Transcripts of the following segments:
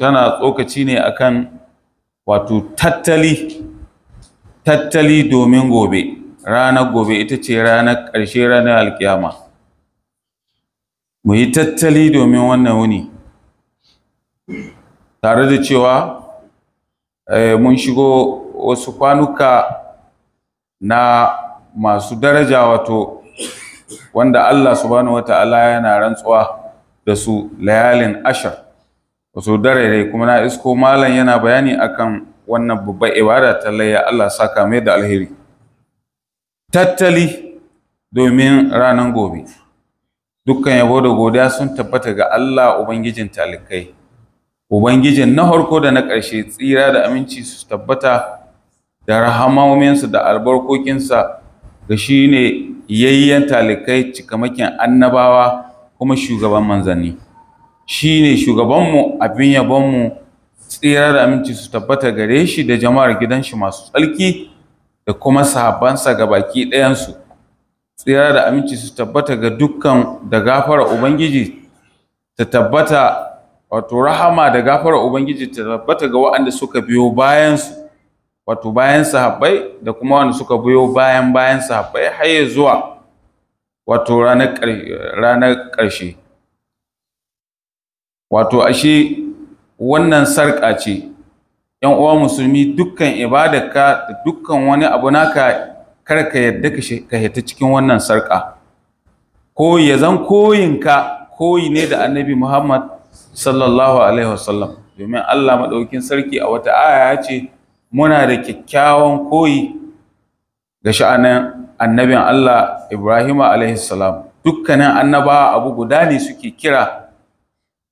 tana tsokaci ne akan wato tattali tattali domin gobe ranar gobe ita ce ranar ƙarshe ranar alkiyama mu yi tattali domin wannan wuni tare da cewa eh, mun shigo wasu kwanuka na masu daraja wato wanda Allah subhanahu ta'ala) yana rantsuwa da su layalin ashar wato darare kuma na isko malam yana bayani akan wannan babbar ibada ta layya Allah saka mai da alheri tattali domin ranar gobe dukkan yabo da godiya sun tabbata ga Allah ubangijin talikai ubangijin na harko da na ƙarshe tsira da aminci su tabbata da rahamominsu da albarkokinsa ga shi ne yayyen talikai cikamakin annabawa kuma shugaban manzanni shi ne shugabanmu abin yabonmu tsira da aminci su tabbata gare shi da jama'ar gidan shi masu tsarki da kuma sahabbansa ga baki ɗayansu tsira da aminci su tabbata ga dukkan da gafara ubangiji ta tabbata wato rahama da gafara ubangiji ta tabbata ga waɗanda suka biyo bayansu wato bayan sahabbai da kuma waɗanda suka biyo bayan bayan sahabbai har zuwa wato ranar ƙarshe wato ashe wannan sarƙa ce ‘yan uwa musulmi dukkan ka da dukkan wani abu naka kar ka yadda ka hita cikin wannan sarƙa ko ya zan koyinka koyi ne da annabi muhammad sallallahu alaihi wasallam domin allah maɗaukin sarki a wata aya ce muna da kyakkyawan koyi ga sha'anin annabin allah ibrahim alaihi dukkanin annabawa abu guda ne suke kira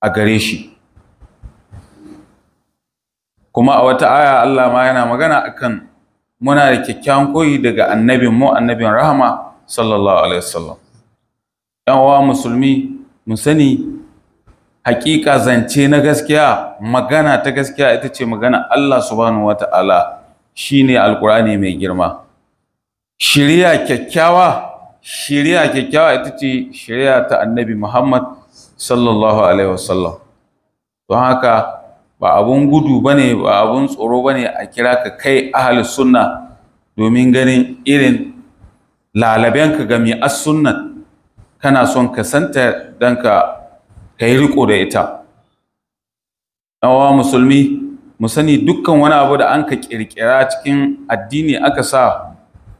a gare shi kuma a wata aya Allah ma yana magana akan muna da kyakkyawan koyi daga annabin mu annabin rahama sallallahu alaihi wasallam yan uwa musulmi mu sani hakika zance na gaskiya magana ta gaskiya ita ce magana Allah subhanahu wataala shine alqur'ani mai girma Shirya kyakkyawa shiriya kyakkyawa ita ce shiriya ta annabi Muhammad sallallahu alaihi wasallam don haka ba abun gudu bane ba abun tsoro bane a kira ka kai ahli sunna domin ganin irin lalabenka ga mi as sunna kana son ka santa dan ka kai riko da ita ɗan musulmi mu sani dukkan wani abu da an ka kirkira cikin addini aka sa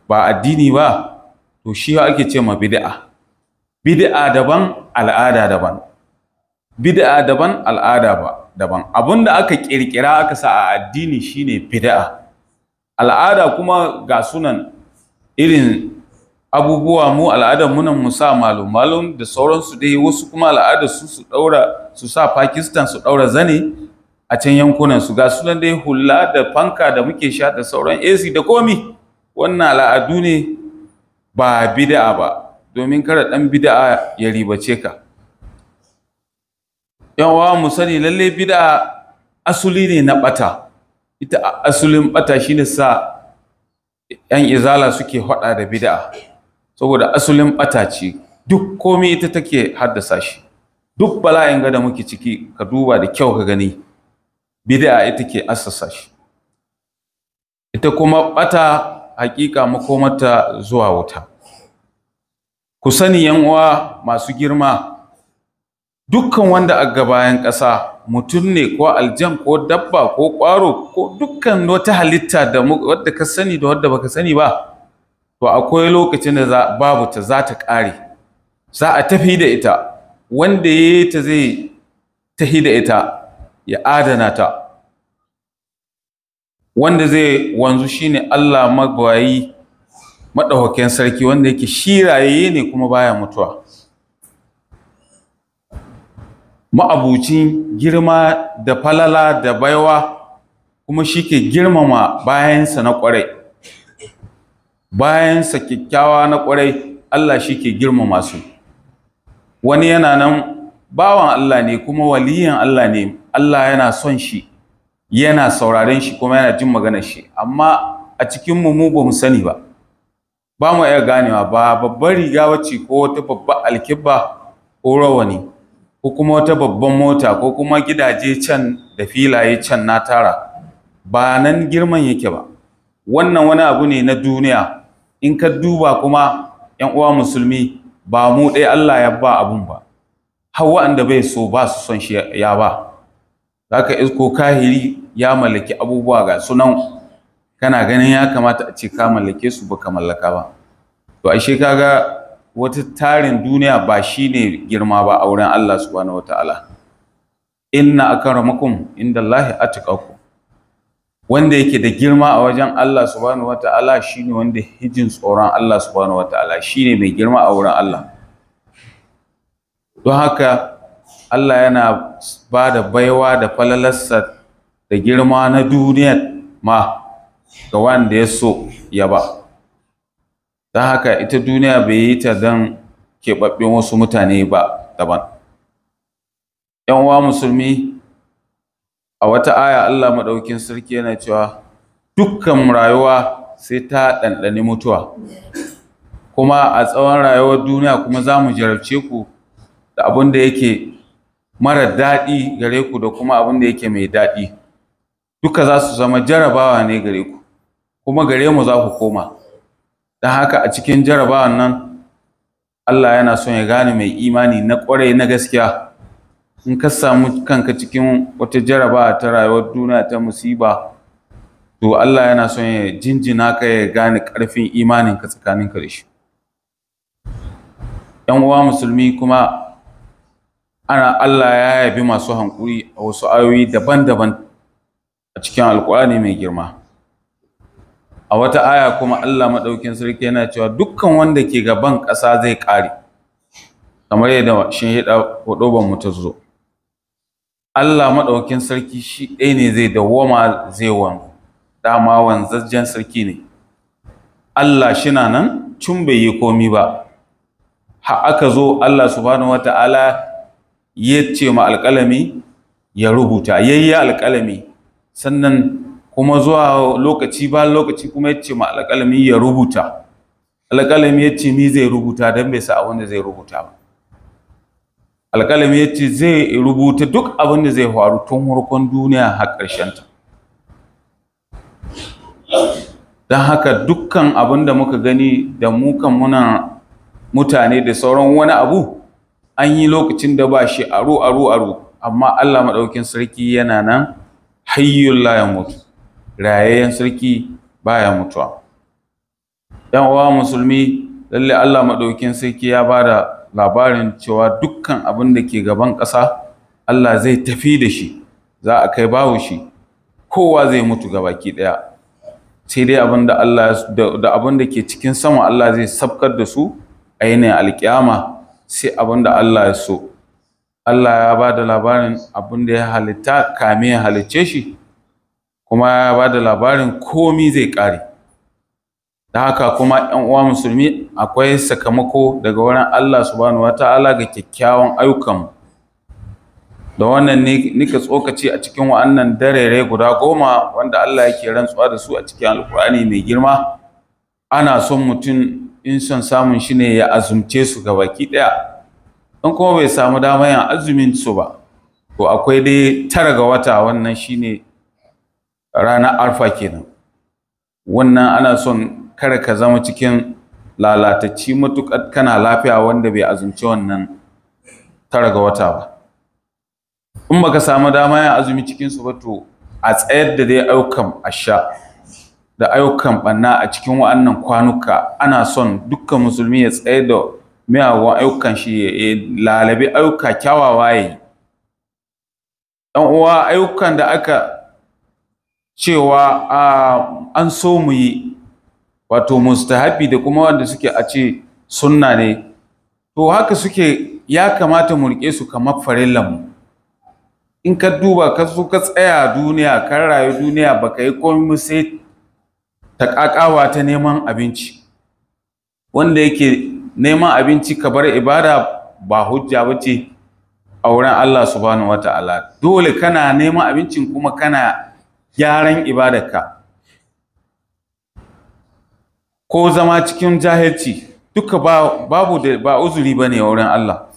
ba addini ba to shi ake ce ma bid'a bid'a daban al'ada daban Bida'a daban al'ada ba daban abin da aka ƙirƙira aka sa a addini shine bid'a al'ada kuma ga sunan irin abubuwa mu al'adar munan mu sa malum malum da sauransu dai wasu kuma al'adar su su daura su sa Pakistan su daura zane a can yankunan su ga sunan dai hula da fanka da muke sha da sauran AC da komi wannan al'adu ne ba bida'a ba domin kada dan bida'a ya ribace ka yawa mu sani lalle bid'a asuli ne na bata ita asulin bata shine sa yan izala suke hada da bid'a saboda asulin bata ce duk komai ita take haddasa shi duk bala'in ga da muke ciki ka duba da kyau ka gani bid'a ita ke assasa shi ita kuma bata hakika makomata zuwa wuta ku sani yan uwa masu girma dukkan wanda a gabayan ƙasa mutum ne ko aljan ko dabba ko ƙwaro ko dukkan wata halitta da wadda ka sani da wadda baka sani ba to akwai lokacin da babu ta za ta ƙare za a tafi da ita wanda ya yi ta zai tafi da ita ya adana ta wanda zai wanzu shine Allah magwayi maɗaukakin sarki wanda yake shiraye ne kuma baya mutuwa ma'abucin girma da falala da baiwa kuma shi ke girmama bayansa na ƙwarai bayansa kyakkyawa na ƙwarai Allah shi ke girmama su wani yana nan bawan Allah ne kuma waliyan Allah ne Allah yana son shi yana sauraren shi kuma yana jin magana shi amma a cikinmu mu ba mu sani ba ba mu iya ganewa ba babbar riga wacce ko wata babbar alkibba ko rawani ko kuma wata babban mota ko kuma gidaje can da filaye can na tara ba nan girman yake ba wannan wani abu ne na duniya in ka duba kuma yan uwa musulmi ba mu ɗaya Allah ya ba abun ba har wa'anda bai so ba su son shi ya ba Za ka isko kahiri ya mallaki abubuwa ga sunan kana ganin ya kamata a ce ka mallake su ba ka mallaka ba to ashe kaga wata tarin duniya ba shi ne girma ba a wurin Allah subhanahu wataala inna akramakum indallahi atqakum wanda yake da girma a wajen Allah subhanahu shi shine wanda hijin tsoron Allah subhanahu shi shine mai girma a wurin Allah don haka Allah yana ba da baiwa da falalarsa da girma na duniya ma ga wanda ya so ya ba don haka ita duniya bai yi ta don keɓaɓɓen wasu mutane ba daban ‘yan uwa musulmi a wata aya Allah maɗaukin sarki yana cewa dukkan rayuwa sai ta ɗanɗani mutuwa kuma a tsawon rayuwar duniya kuma za mu jarabce ku da abin da yake mara daɗi gare ku da kuma abin da yake mai daɗi duka za su zama jarabawa ne gare ku kuma gare mu za ku koma don haka a cikin jarabawan nan Allah yana son ya gane mai imani na ƙwarai na gaskiya in ka samu kanka cikin wata jarabawa ta rayuwar duniya ta musiba to Allah yana son ya jinjina ka ya gane ƙarfin imaninka tsakanin da shi ‘yan uwa musulmi kuma ana Allah ya yabi masu hankuri a wasu ayoyi daban-daban a cikin alƙur'ani mai girma a wata aya kuma Allah maɗaukin sarki yana cewa dukkan wanda ke gaban ƙasa zai ƙare kamar yadda shin hida hudoban mu ta zo Allah maɗaukin sarki shi ɗaya ne zai dawwama zai wanzu dama wanzajjen sarki ne Allah shina nan tun bai yi komi ba Ha aka zo Allah subhanahu wata'ala ya ce ma alƙalami ya rubuta yayya alƙalami sannan kuma zuwa lokaci ba lokaci kuma yace ma alƙalami ya rubuta alƙalami yace mi zai rubuta dan bai sa abin da zai rubuta ba alƙalami yace zai rubuta duk abin da zai faru tun farkon duniya har ƙarshen ta don haka dukkan abin da muka gani da kan muna mutane da sauran wani abu an yi lokacin da ba shi aro aro aro amma Allah maɗaukin sarki yana nan hayyul la mutu rayayyen sarki baya mutuwa yan uwa musulmi lalle Allah maɗaukin sarki ya bada labarin cewa dukkan abin da ke gaban ƙasa Allah zai tafi da shi za a kai babu shi kowa zai mutu ga baki ɗaya sai dai abin da Allah da abin da ke cikin sama Allah zai sabkar da su a yanayin alƙiyama sai abin da Allah ya so Allah ya ba da labarin abin da ya halitta kame ya halicce shi kuma ya ba da labarin komi zai ƙare da haka kuma ‘yan uwa musulmi akwai sakamako daga wurin Allah subhanahu wa ta'ala ga kyakkyawan ayyukanmu da wannan nika tsokaci a cikin wa'annan darere guda goma wanda Allah yake rantsuwa da su a cikin alkur'ani mai girma ana son mutum in son samun shi ne ya azumce su ga baki ɗaya in kuma bai samu damar yin azumin su ba to akwai dai tara ga wata wannan shine ranar alfa kenan wannan ana son kar ka zama cikin lalatacci matuƙar kana lafiya wanda bai azumci wannan tara ga wata ba in baka samu dama ya azumi cikin su ba to a tsayar da dai ayyukan asha da ayyukan banna a cikin wa'annan kwanuka ana son dukkan musulmi ya tsayar da miyagun ayyukan shi ya lalabi ayyuka kyawawa ya yi uwa ayyukan da aka cewa an so mu yi wato mustahabi da kuma wanda suke a ce sunna ne to haka suke ya kamata mu rike su kamar farillanmu in ka duba ka so ka tsaya duniya ka rayu duniya baka yi komai sai taƙaƙawa ta neman abinci wanda yake neman abinci ka bar ibada ba hujja ba ce a wurin Allah subhanahu wata'ala dole kana neman abincin kuma kana gyaran ka. ko zama cikin jahilci duka babu da ba uzuri ba ne wurin Allah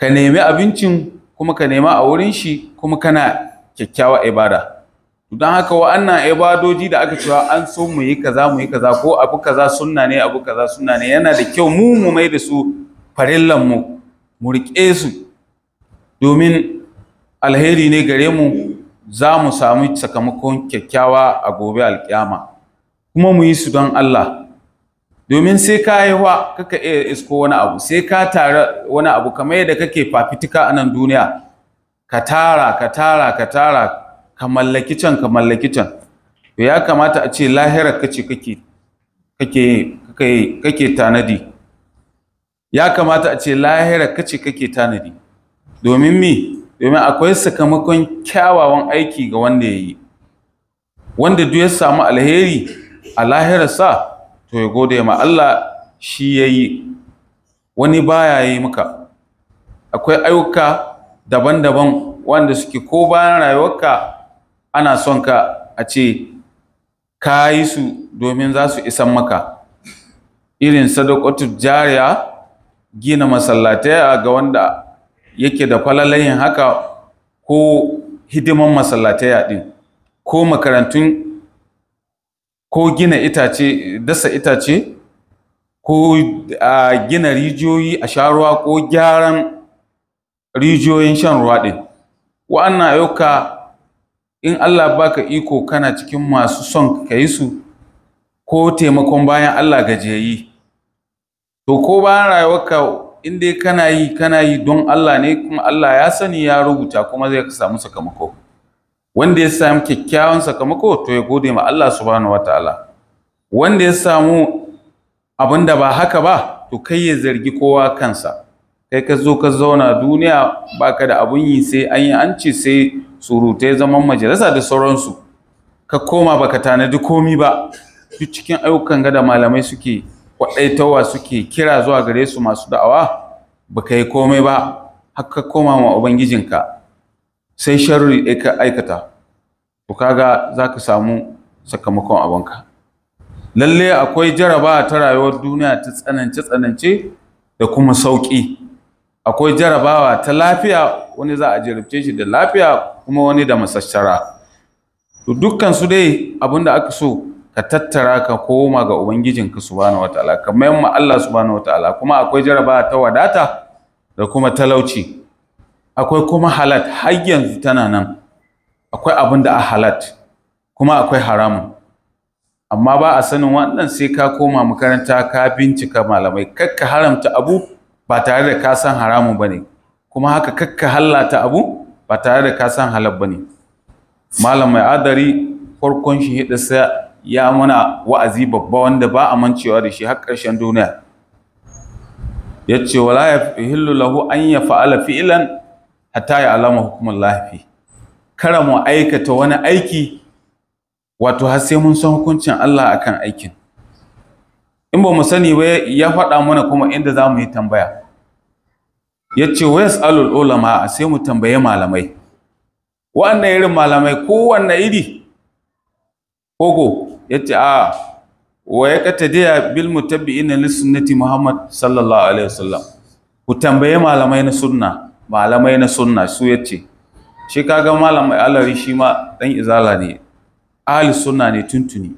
ka nemi abincin kuma ka nema a wurin shi kuma kana kyakkyawa ibada don haka wa'annan ibadoji da aka cewa an so mu yi kaza mu yi kaza ko abu kaza sunna ne abu kaza sunna ne yana da kyau mu mu mai da su farillan mu mu riƙe su domin alheri ne gare mu za mu samu sakamakon kyakkyawa a gobe alƙiyama kuma mu yi su don Allah domin sai ka yi wa kaka iya isko wani abu sai ka tara wani abu kamar yadda kake fafitika a nan duniya ka tara ka tara ka tara ka mallaki can ka mallaki can to ya kamata a ce lahirar kace kake kake kake kake tanadi ya kamata a ce lahirar kace kake tanadi domin me domin akwai sakamakon kyawawan aiki ga wanda ya yi wanda duk ya samu alheri a lahirarsa to ya gode ma Allah shi ya yi wani baya ya yi maka akwai ayyuka daban-daban wanda suke ko bayan rayuwarka ana son ka a ce ka yi su domin za su isan maka irin sadakotu jariya gina masallatai ga wanda yake da falalayin haka ko hidiman masallatai ɗin ko makarantun ko gina itace dasa itace ko a gina rijiyoyi a sha ruwa ko gyaran rijiyoyin shan ruwa ɗin wa'annan ayyuka in Allah baka iko kana cikin masu son ka yi su ko taimakon bayan Allah gajiyayi to ko bayan rayuwarka in dai kana yi kana yi don Allah ne kuma Allah ya sani ya rubuta kuma zai samu sakamako wanda ya samu kyakkyawan sakamako to ya gode ma Allah subhanahu wataala wanda ya samu abin da ba haka ba to kai ya zargi kowa kansa kai ka zo ka zauna duniya baka da abun yi sai an yi an ce sai surutai zaman majalisa da sauransu ka koma baka tanadi komi ba duk cikin ayyukan gada malamai suke tawa suke kira zuwa gare su masu da'awa ba ka yi komai ba haka koma ma ubangijinka sai sharri ka aikata to kaga za ka samu sakamakon abinka lalle akwai jaraba ta rayuwar duniya ta tsanance tsanance da kuma sauƙi akwai jarabawa ta lafiya wani za a jarabce shi da lafiya kuma wani da masashara. to dukkan su dai abin da aka so ka tattara ka koma ga ubangijinka subhanahu wataala ka mayan ma Allah subhanahu wataala kuma akwai jaraba ta wadata da kuma talauci akwai kuma halat har yanzu tana nan akwai abin da a halat kuma akwai haramun amma ba a sanin wannan sai ka koma makaranta ka bincika malamai kakka haramta abu ba tare da ka san haramun ba ne kuma haka kakka hallata abu ba tare da ka san halal ba ne malam mai adari farkon shi hidda ya mana wa'azi babba wanda ba a mancewa da shi har ƙarshen duniya ya ce wala ya hillu lahu an ya fa'ala fi'ilan ta ya alama hukumar lafi kara mu aikata wani aiki wato har sai mun san hukuncin Allah a kan aikin in ba mu sani ba ya faɗa mana kuma inda za mu yi tambaya ya ce wa yas'alul ulama sai mu tambaye malamai wa'annan irin malamai kowanne iri kogo ya ce a ah, wa ya katadiya bil ina li sunnati Muhammad sallallahu alaihi wasallam ku tambaye malamai na sunna malamai na sunna su ce shi kaga malamai alari shi ma dan izala ne ahli sunna ne tuntuni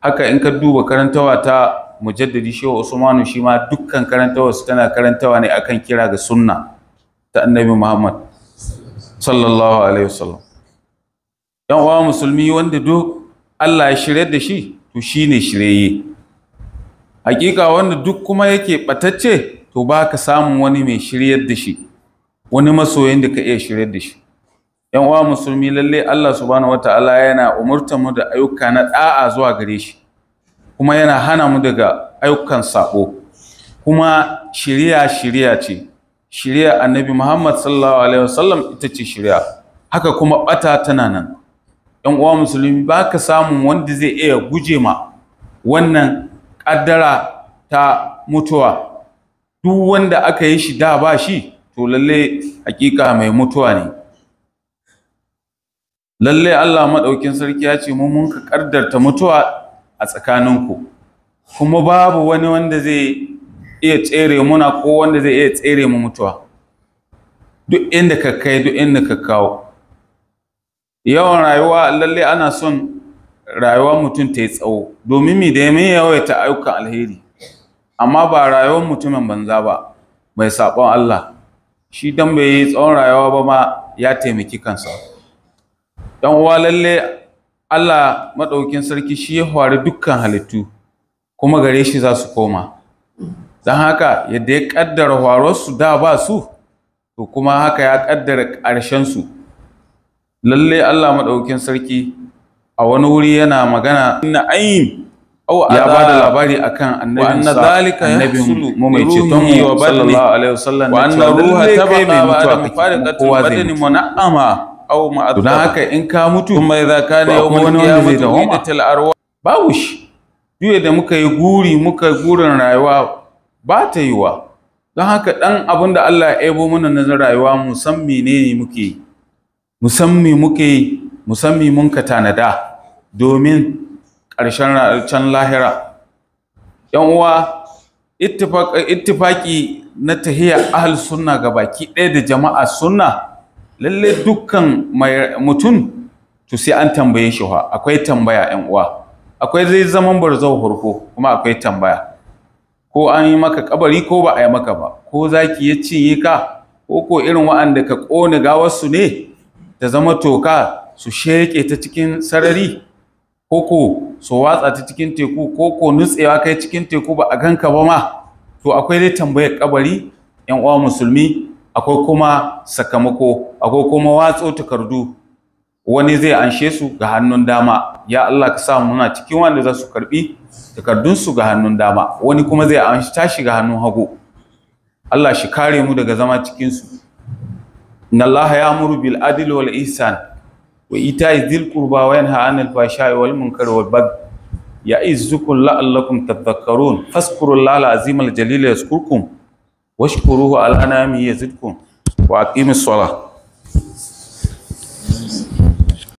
haka in ka duba karantawa ta mujaddadi shehu usmanu shi ma dukkan karantawa su tana karantawa ne akan kira ga sunna ta annabi Muhammad sallallahu alaihi wasallam yan uwa musulmi wanda duk Allah ya shirye da shi to shi ne shirye hakika wanda duk kuma yake batacce to baka samun wani mai shirye da shi wani masoyin da ka iya shiryar da shi yan uwa musulmi lalle Allah subhanahu wataala yana umurta mu da ayyuka na ɗa'a zuwa gare shi kuma yana hana mu daga ayyukan sabo kuma shirya shirya ce shirya annabi Muhammad sallallahu alaihi wasallam ita ce shiriya haka kuma ɓata tana nan yan uwa musulmi ba ka samu wanda zai iya guje ma wannan ƙaddara ta mutuwa duk wanda aka yi shi da ba shi to lalle hakika mai mutuwa ne lalle Allah maɗaukin sarki ya ce mu mun ka ƙaddarta mutuwa a tsakaninku kuma babu wani wanda zai iya tsere muna ko wanda zai iya tsere mu mutuwa duk inda ka kai duk inda ka kawo yawan rayuwa lalle ana son rayuwar mutum ta yi tsawo domin mi da yamin yawaita ayyukan alheri amma ba rayuwar mutumin banza ba mai saɓon Allah shi dan bai yi tsawon rayuwa ba ma ya taimaki kansa dan uwa lalle Allah maɗaukin sarki shi ya hware dukkan halittu kuma gare shi za su koma don haka yadda ya ƙaddara hwararsu da ba su to kuma haka ya ƙaddara su. lalle Allah maɗaukin sarki a wani wuri yana magana inna ayin ya ba da labari akan annabin sa zalika annabin mu mai ceton mu sallallahu alaihi wasallam wa anna ruha tabaqa wa adam fariqatul badani mun'ama aw ma'adha dan haka in ka mutu kuma idza kana yawmul qiyamati widatul arwa babu duye da muka yi guri muka gurin rayuwa ba ta yiwa don haka dan abin da Allah ya ebo mana na rayuwa mu san menene muke yi musammi muke musammi mun ka tanada domin ƙarshen can lahira yan uwa ittifaki na tahiya ahal sunna ga baki ɗaya da jama'a sunna lalle dukkan mutum to sai an tambaye shi akwai tambaya yan uwa akwai zai zaman barzau harko kuma akwai tambaya ko an yi maka kabari ko ba a yi maka ba ko zaki ya cinye ka ko ko irin waɗanda ka ƙone gawarsu ne ta zama toka su sheke ta cikin sarari koko su watsa ta cikin teku koko nutsewa kai cikin teku ba a ganka ba ma to akwai dai tambayar kabari yan uwa musulmi akwai kuma sakamako akwai kuma watso takardu wani zai anshe su ga hannun dama ya Allah ka sa muna cikin wanda za su karbi takardun su ga hannun dama wani kuma zai anshi tashi ga hannun hagu Allah shi kare mu daga zama cikin su إن الله يأمر بالعدل والإحسان وإيتاء ذي القربى وينهى عن الفحشاء والمنكر والبغي يعظكم لعلكم تذكرون فاذكروا الله العظيم الجليل يذكركم واشكروه على نعمه يزدكم وأقيموا الصلاة